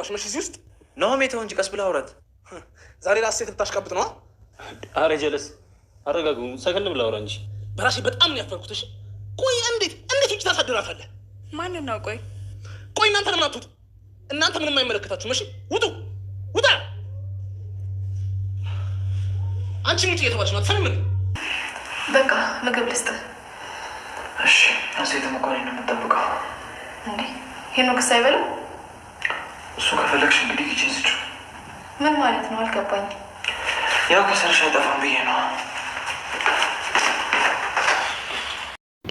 ዋሽመሽ እዚህ ውስጥ ናሆም የተው እንጂ ቀስ ብለህ አውራት። ዛሬ ለአሴት ልታሽቃብጥ ነዋ። አረ ጀለስ አረጋጉ። ሰከን ብለህ አውራ እንጂ። በራሴ በጣም ነው ያፈርኩት። እሺ ቆይ እንዴት እንዴት እጅ ታሳድራታለህ? ማንን ነው? ቆይ ቆይ እናንተ ለምን አትውጡ? እናንተ ምንም አይመለከታችሁም። እሺ ውጡ፣ ውጣ። አንቺ ውጭ እየተባለች ነው አትፈልም። በቃ ምግብ ልስጥ። እሺ አሴትም መኳን እኔን ነው የምጠብቀው እንዴ? ይህን ክስ አይበላም እሱ ከፈለግሽ እንግዲህ ኪችን ስጩ። ምን ማለት ነው አልገባኝ። ያው ከሰርሽ አይጠፋም ብዬ ነው።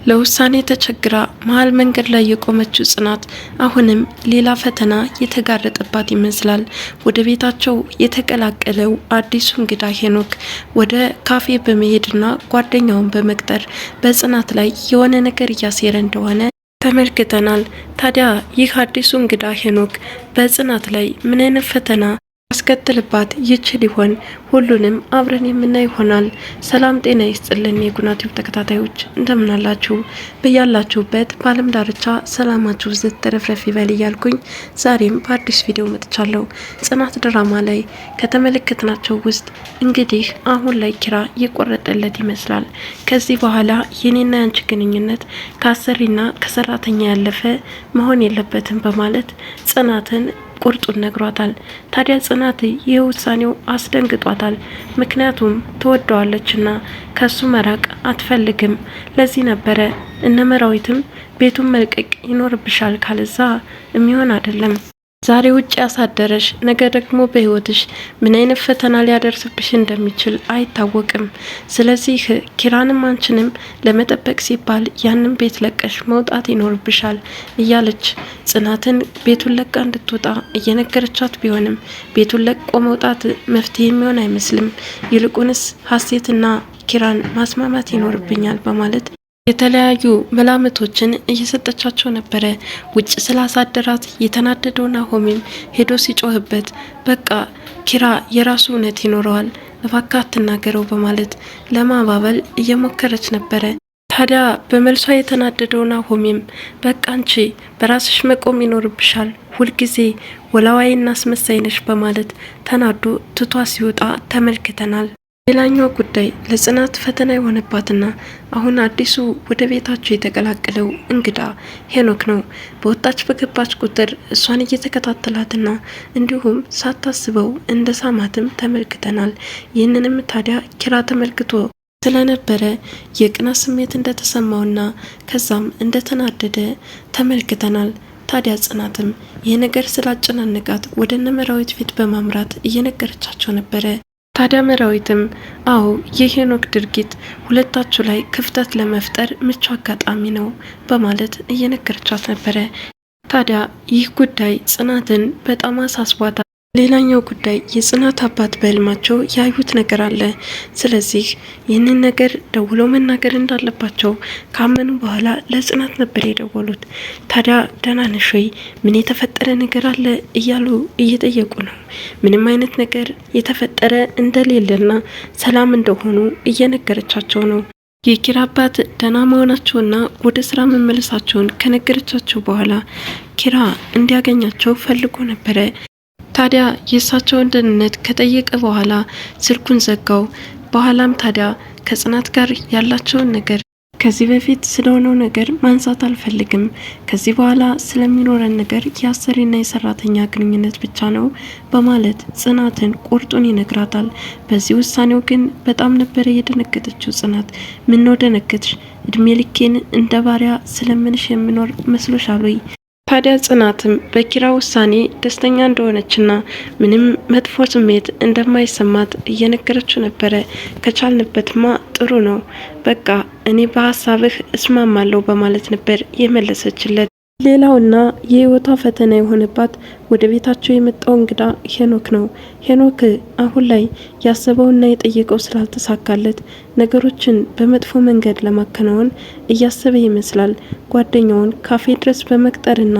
ለውሳኔ ተቸግራ መሀል መንገድ ላይ የቆመችው ጽናት አሁንም ሌላ ፈተና የተጋረጠባት ይመስላል። ወደ ቤታቸው የተቀላቀለው አዲሱ እንግዳ ሄኖክ ወደ ካፌ በመሄድና ጓደኛውን በመቅጠር በጽናት ላይ የሆነ ነገር እያሴረ እንደሆነ ተመልክተናል። ታዲያ ይህ አዲሱ እንግዳ ሄኖክ በጽናት ላይ ምን አይነት ፈተና አስከትልባት ይችል ይሆን? ሁሉንም አብረን የምናይ ይሆናል። ሰላም ጤና ይስጥልን የጉና ቲዩብ ተከታታዮች እንደምናላችሁ በያላችሁበት በዓለም ዳርቻ ሰላማችሁ ዝት ተረፍረፍ ይበል እያልኩኝ ዛሬም በአዲስ ቪዲዮ መጥቻለሁ። ጽናት ድራማ ላይ ከተመለከትናቸው ውስጥ እንግዲህ አሁን ላይ ኪራ የቆረጠለት ይመስላል። ከዚህ በኋላ የኔና ያንቺ ግንኙነት ከአሰሪና ከሰራተኛ ያለፈ መሆን የለበትም በማለት ጽናትን ቁርጡን ነግሯታል። ታዲያ ጽናት ይህ ውሳኔው አስደንግጧታል። ምክንያቱም ትወደዋለችና ከሱ መራቅ አትፈልግም። ለዚህ ነበረ እነ መራዊትም ቤቱን መልቀቅ ይኖርብሻል፣ ካለዛ የሚሆን አይደለም ዛሬ ውጭ ያሳደረሽ ነገ ደግሞ በህይወትሽ ምን አይነት ፈተና ሊያደርስብሽ እንደሚችል አይታወቅም። ስለዚህ ኪራንም አንችንም ለመጠበቅ ሲባል ያንን ቤት ለቀሽ መውጣት ይኖርብሻል እያለች ጽናትን ቤቱን ለቃ እንድትወጣ እየነገረቻት ቢሆንም ቤቱን ለቆ መውጣት መፍትሄ የሚሆን አይመስልም። ይልቁንስ ሀሴትና ኪራን ማስማማት ይኖርብኛል በማለት የተለያዩ መላምቶችን እየሰጠቻቸው ነበረ። ውጭ ስላሳደራት የተናደደው ናሆሚም ሄዶ ሲጮህበት በቃ ኪራ የራሱ እውነት ይኖረዋል፣ እባክህ አትናገረው በማለት ለማባበል እየሞከረች ነበረ። ታዲያ በመልሷ የተናደደው ናሆሚም በቃ አንቺ በራስሽ መቆም ይኖርብሻል፣ ሁልጊዜ ወላዋይና አስመሳይ ነሽ በማለት ተናዶ ትቷ ሲወጣ ተመልክተናል። ሌላኛው ጉዳይ ለጽናት ፈተና የሆነባትና አሁን አዲሱ ወደ ቤታቸው የተቀላቀለው እንግዳ ሄኖክ ነው። በወጣች በገባች ቁጥር እሷን እየተከታተላትና እንዲሁም ሳታስበው እንደ ሳማትም ተመልክተናል። ይህንንም ታዲያ ኪራ ተመልክቶ ስለነበረ የቅናት ስሜት እንደተሰማውና ከዛም እንደተናደደ ተመልክተናል። ታዲያ ጽናትም ይህ ነገር ስላጨናነቃት ወደ እነ መራዊት ፊት በማምራት እየነገረቻቸው ነበረ። ታዲያ መራዊትም አዎ የሄኖክ ድርጊት ሁለታችሁ ላይ ክፍተት ለመፍጠር ምቹ አጋጣሚ ነው በማለት እየነገረቻት ነበረ። ታዲያ ይህ ጉዳይ ጽናትን በጣም አሳስቧታል። ሌላኛው ጉዳይ የጽናት አባት በህልማቸው ያዩት ነገር አለ። ስለዚህ ይህንን ነገር ደውለው መናገር እንዳለባቸው ካመኑ በኋላ ለጽናት ነበር የደወሉት። ታዲያ ደህና ነሽ ወይ? ምን የተፈጠረ ነገር አለ? እያሉ እየጠየቁ ነው። ምንም አይነት ነገር የተፈጠረ እንደሌለና ሰላም እንደሆኑ እየነገረቻቸው ነው። የኪራ አባት ደህና መሆናቸውና ወደ ስራ መመለሳቸውን ከነገረቻቸው በኋላ ኪራ እንዲያገኛቸው ፈልጎ ነበረ ታዲያ የእሳቸውን ደህንነት ከጠየቀ በኋላ ስልኩን ዘጋው። በኋላም ታዲያ ከጽናት ጋር ያላቸውን ነገር ከዚህ በፊት ስለሆነው ነገር ማንሳት አልፈልግም። ከዚህ በኋላ ስለሚኖረን ነገር የአሰሪና የሰራተኛ ግንኙነት ብቻ ነው በማለት ጽናትን ቁርጡን ይነግራታል። በዚህ ውሳኔው ግን በጣም ነበረ የደነገጠችው። ጽናት ነው ደነገጥሽ? እድሜ ልኬን እንደ ባሪያ ስለምንሽ የምኖር መስሎሻል ወይ? ታዲያ ጽናትም በኪራ ውሳኔ ደስተኛ እንደሆነችና ምንም መጥፎ ስሜት እንደማይሰማት እየነገረችው ነበረ። ከቻልንበትማ ጥሩ ነው፣ በቃ እኔ በሀሳብህ እስማማለሁ በማለት ነበር የመለሰችለት። ሌላውና የህይወቷ ፈተና የሆነባት ወደ ቤታቸው የመጣው እንግዳ ሄኖክ ነው። ሄኖክ አሁን ላይ ያሰበውና የጠየቀው ስላልተሳካለት ነገሮችን በመጥፎ መንገድ ለማከናወን እያሰበ ይመስላል። ጓደኛውን ካፌ ድረስ በመቅጠርና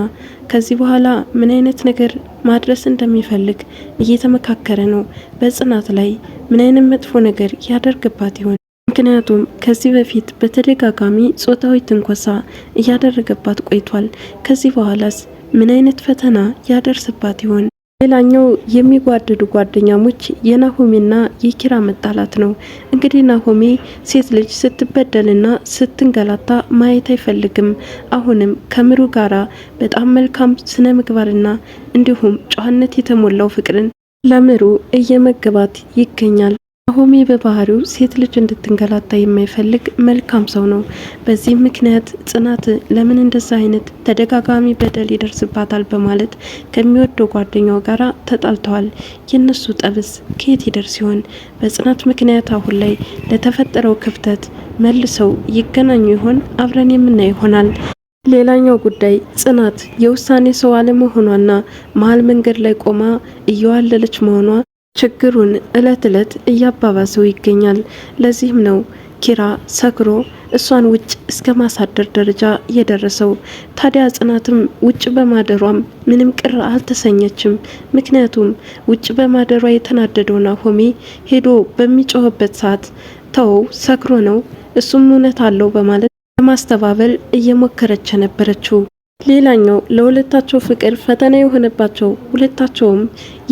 ከዚህ በኋላ ምን አይነት ነገር ማድረስ እንደሚፈልግ እየተመካከረ ነው። በጽናት ላይ ምን አይነት መጥፎ ነገር ያደርግባት ይሆን? ምክንያቱም ከዚህ በፊት በተደጋጋሚ ጾታዊ ትንኮሳ እያደረገባት ቆይቷል። ከዚህ በኋላስ ምን አይነት ፈተና ያደርስባት ይሆን? ሌላኛው የሚጓደዱ ጓደኛሞች የናሆሜና የኪራ መጣላት ነው። እንግዲህ ናሆሜ ሴት ልጅ ስትበደልና ስትንገላታ ማየት አይፈልግም። አሁንም ከምሩ ጋራ በጣም መልካም ስነ ምግባርና እንዲሁም ጨዋነት የተሞላው ፍቅርን ለምሩ እየመገባት ይገኛል። ናሆሜ በባህሪው ሴት ልጅ እንድትንገላታ የማይፈልግ መልካም ሰው ነው። በዚህ ምክንያት ጽናት ለምን እንደዛ አይነት ተደጋጋሚ በደል ይደርስባታል በማለት ከሚወደው ጓደኛው ጋር ተጣልተዋል። የእነሱ ጠብስ ከየት ይደርስ ይሆን? በጽናት ምክንያት አሁን ላይ ለተፈጠረው ክፍተት መልሰው ይገናኙ ይሆን? አብረን የምናይ ይሆናል። ሌላኛው ጉዳይ ጽናት የውሳኔ ሰው አለመሆኗና መሀል መንገድ ላይ ቆማ እየዋለለች መሆኗ ችግሩን እለት እለት እያባባሰው ይገኛል። ለዚህም ነው ኪራ ሰክሮ እሷን ውጭ እስከ ማሳደር ደረጃ የደረሰው። ታዲያ ጽናትም ውጭ በማደሯም ምንም ቅር አልተሰኘችም። ምክንያቱም ውጭ በማደሯ የተናደደው ናሆሜ ሄዶ በሚጮህበት ሰዓት ተወው፣ ሰክሮ ነው እሱም እውነት አለው በማለት ለማስተባበል እየሞከረች የነበረችው ሌላኛው ለሁለታቸው ፍቅር ፈተና የሆነባቸው ሁለታቸውም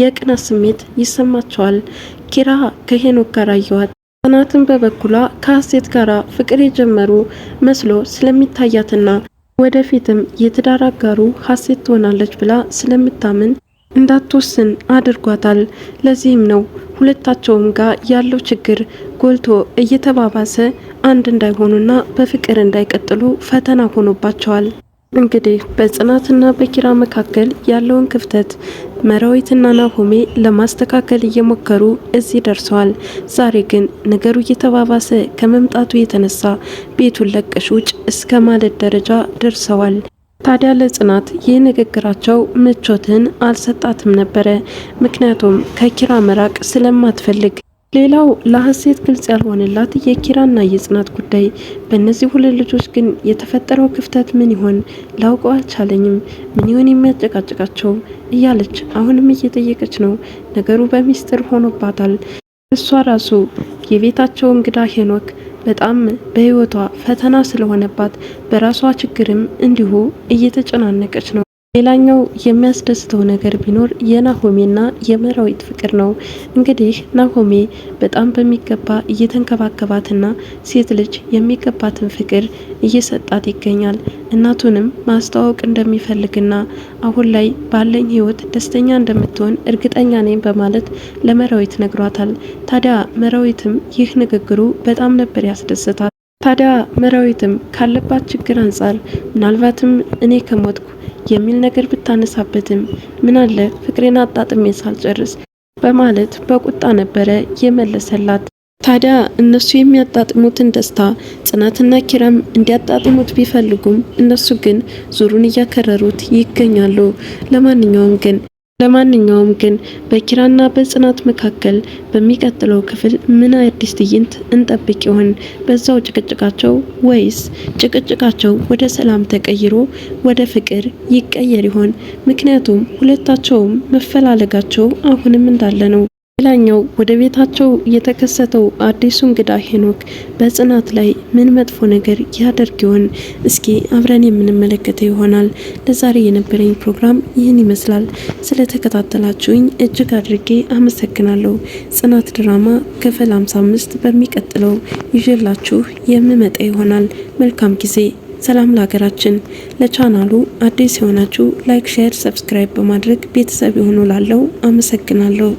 የቅናት ስሜት ይሰማቸዋል። ኪራ ከሄኖክ ጋር አየዋት። ጽናትን በበኩሏ ከሀሴት ጋር ፍቅር የጀመሩ መስሎ ስለሚታያትና ወደፊትም የትዳር አጋሩ ሀሴት ትሆናለች ብላ ስለምታምን እንዳትወስን አድርጓታል። ለዚህም ነው ሁለታቸውም ጋር ያለው ችግር ጎልቶ እየተባባሰ አንድ እንዳይሆኑና በፍቅር እንዳይቀጥሉ ፈተና ሆኖባቸዋል። እንግዲህ በጽናትና በኪራ መካከል ያለውን ክፍተት መራዊትና ናሆሜ ለማስተካከል እየሞከሩ እዚህ ደርሰዋል። ዛሬ ግን ነገሩ እየተባባሰ ከመምጣቱ የተነሳ ቤቱን ለቀሽ ውጭ እስከ ማለት ደረጃ ደርሰዋል። ታዲያ ለጽናት ይህ ንግግራቸው ምቾትን አልሰጣትም ነበረ። ምክንያቱም ከኪራ መራቅ ስለማትፈልግ ሌላው ለሀሴት ግልጽ ያልሆነላት የኪራና የጽናት ጉዳይ። በእነዚህ ሁለት ልጆች ግን የተፈጠረው ክፍተት ምን ይሆን ላውቀው አልቻለኝም። ምን ይሆን የሚያጨቃጭቃቸው እያለች አሁንም እየጠየቀች ነው። ነገሩ በሚስጥር ሆኖባታል። እሷ ራሱ የቤታቸው እንግዳ ሄኖክ በጣም በህይወቷ ፈተና ስለሆነባት በራሷ ችግርም እንዲሁ እየተጨናነቀች ነው። ሌላኛው የሚያስደስተው ነገር ቢኖር የናሆሜና የመራዊት ፍቅር ነው። እንግዲህ ናሆሜ በጣም በሚገባ እየተንከባከባትና ሴት ልጅ የሚገባትን ፍቅር እየሰጣት ይገኛል። እናቱንም ማስተዋወቅ እንደሚፈልግና አሁን ላይ ባለኝ ሕይወት ደስተኛ እንደምትሆን እርግጠኛ ነኝ በማለት ለመራዊት ነግሯታል። ታዲያ መራዊትም ይህ ንግግሩ በጣም ነበር ያስደስታል። ታዲያ መራዊትም ካለባት ችግር አንጻር ምናልባትም እኔ ከሞትኩ የሚል ነገር ብታነሳበትም ምን አለ ፍቅሬን አጣጥሜ ሳልጨርስ በማለት በቁጣ ነበረ የመለሰላት። ታዲያ እነሱ የሚያጣጥሙትን ደስታ ጽናትና ኪራም እንዲያጣጥሙት ቢፈልጉም እነሱ ግን ዙሩን እያከረሩት ይገኛሉ። ለማንኛውም ግን ለማንኛውም ግን በኪራና በጽናት መካከል በሚቀጥለው ክፍል ምን አዲስ ትዕይንት እንጠብቅ ይሆን? በዛው ጭቅጭቃቸው ወይስ ጭቅጭቃቸው ወደ ሰላም ተቀይሮ ወደ ፍቅር ይቀየር ይሆን? ምክንያቱም ሁለታቸውም መፈላለጋቸው አሁንም እንዳለ ነው። ሌላኛው ወደ ቤታቸው የተከሰተው አዲሱ እንግዳ ሄኖክ በጽናት ላይ ምን መጥፎ ነገር ያደርግ ይሆን? እስኪ አብረን የምንመለከተው ይሆናል። ለዛሬ የነበረኝ ፕሮግራም ይህን ይመስላል። ስለተከታተላችሁኝ እጅግ አድርጌ አመሰግናለሁ። ጽናት ድራማ ክፍል 55 በሚቀጥለው ይዤላችሁ የምመጣ ይሆናል። መልካም ጊዜ። ሰላም ለሀገራችን። ለቻናሉ አዲስ የሆናችሁ ላይክ፣ ሼር፣ ሰብስክራይብ በማድረግ ቤተሰብ የሆኑ ላለው አመሰግናለሁ።